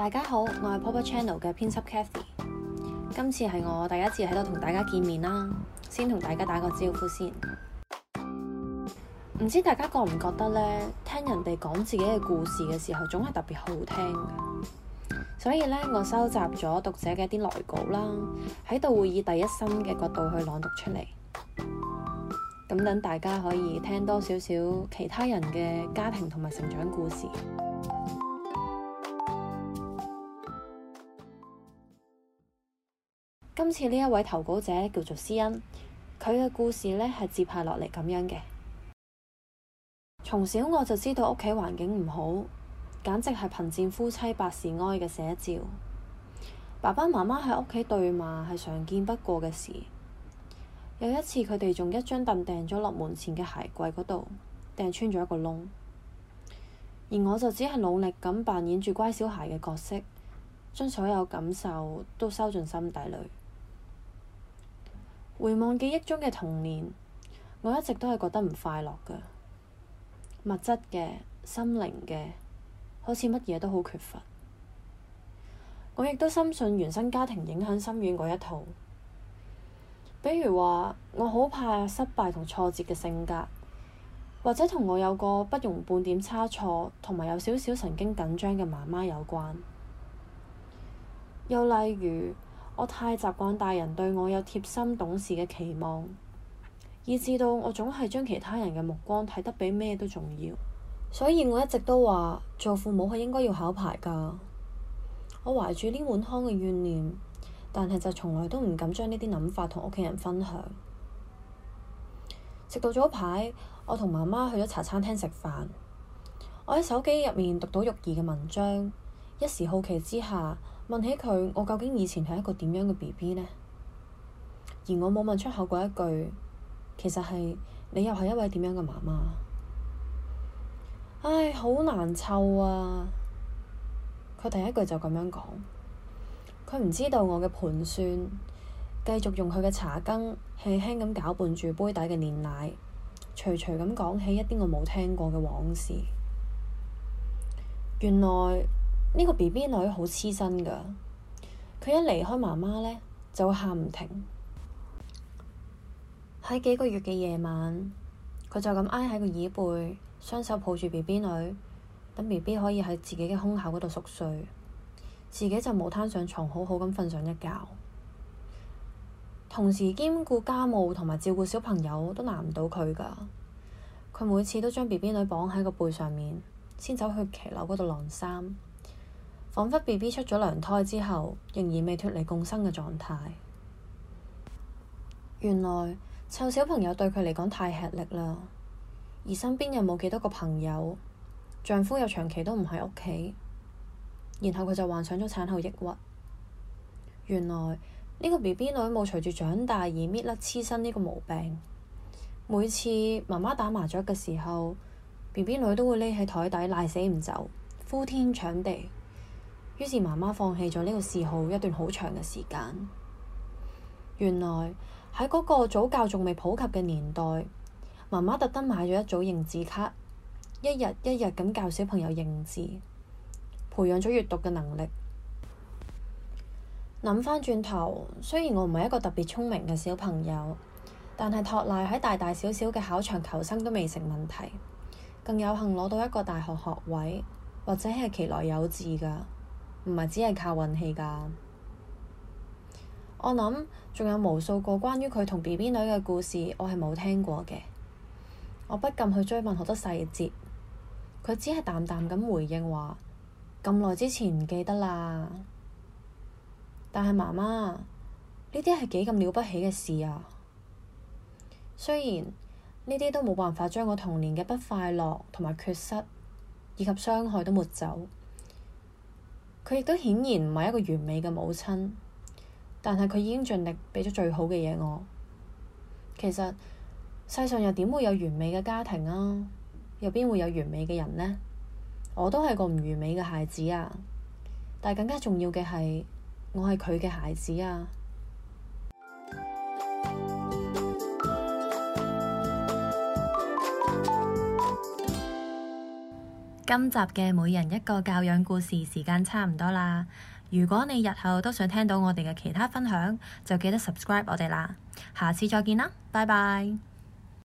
大家好，我係 Pop Channel 嘅編輯 Cathy，今次係我第一次喺度同大家見面啦，先同大家打個招呼先。唔知大家覺唔覺得呢？聽人哋講自己嘅故事嘅時候，總係特別好聽。所以呢，我收集咗讀者嘅一啲來稿啦，喺度會以第一身嘅角度去朗讀出嚟，咁等大家可以聽多少少其他人嘅家庭同埋成長故事。今次呢一位投稿者叫做詩恩，佢嘅故事呢，係接下落嚟咁樣嘅。從小我就知道屋企環境唔好，簡直係貧賤夫妻百事哀嘅寫照。爸爸媽媽喺屋企對罵係常見不過嘅事。有一次佢哋仲一張凳掟咗落門前嘅鞋櫃嗰度，掟穿咗一個窿。而我就只係努力咁扮演住乖小孩嘅角色，將所有感受都收進心底裏。回望記憶中嘅童年，我一直都係覺得唔快樂嘅，物質嘅、心靈嘅，好似乜嘢都好缺乏。我亦都深信原生家庭影響深遠嗰一套，比如話我好怕失敗同挫折嘅性格，或者同我有個不容半點差錯同埋有少少神經緊張嘅媽媽有關。又例如，我太習慣大人對我有貼心懂事嘅期望，以至到我總係將其他人嘅目光睇得比咩都重要。所以我一直都話做父母係應該要考牌㗎。我懷住呢滿腔嘅怨念，但係就從來都唔敢將呢啲諗法同屋企人分享。直到早排，我同媽媽去咗茶餐廳食飯。我喺手機入面讀到育兒嘅文章，一時好奇之下，問起佢，我究竟以前係一個點樣嘅 BB 呢？而我冇問出口過一句，其實係你又係一位點樣嘅媽媽？唉，好難湊啊！佢第一句就咁樣講，佢唔知道我嘅盤算，繼續用佢嘅茶羹輕輕咁攪拌住杯底嘅煉奶，徐徐咁講起一啲我冇聽過嘅往事。原來。呢個 B B 女好黐身㗎，佢一離開媽媽呢，就會喊唔停。喺幾個月嘅夜晚，佢就咁挨喺個椅背，雙手抱住 B B 女，等 B B 可以喺自己嘅胸口嗰度熟睡，自己就冇攤上床好好咁瞓上一覺。同時兼顧家務同埋照顧小朋友都難唔到佢㗎。佢每次都將 B B 女綁喺個背上面，先走去騎樓嗰度晾衫。彷彿 B B 出咗娘胎之後，仍然未脫離共生嘅狀態。原來湊小朋友對佢嚟講太吃力啦，而身邊又冇幾多個朋友，丈夫又長期都唔喺屋企，然後佢就患上咗產後抑鬱。原來呢個 B B 女冇隨住長大而搣甩黐身呢個毛病，每次媽媽打麻雀嘅時候，B B 女都會匿喺台底賴死唔走，呼天搶地。於是媽媽放棄咗呢個嗜好一段好長嘅時間。原來喺嗰個早教仲未普及嘅年代，媽媽特登買咗一組認字卡，一日一日咁教小朋友認字，培養咗閱讀嘅能力。諗返轉頭，雖然我唔係一個特別聰明嘅小朋友，但係托賴喺大大小小嘅考場求生都未成問題，更有幸攞到一個大學學位，或者係其來有自㗎。唔係只係靠運氣㗎。我諗仲有無數個關於佢同 BB 女嘅故事，我係冇聽過嘅。我不禁去追問好多細節，佢只係淡淡咁回應話：咁耐之前唔記得啦。但係媽媽，呢啲係幾咁了不起嘅事啊！雖然呢啲都冇辦法將我童年嘅不快樂同埋缺失以及傷害都抹走。佢亦都顯然唔係一個完美嘅母親，但係佢已經盡力畀咗最好嘅嘢我。其實世上又點會有完美嘅家庭啊？又邊會有完美嘅人呢？我都係個唔完美嘅孩子啊！但係更加重要嘅係，我係佢嘅孩子啊！今集嘅每人一個教養故事時間差唔多啦，如果你日後都想聽到我哋嘅其他分享，就記得 subscribe 我哋啦，下次再見啦，拜拜。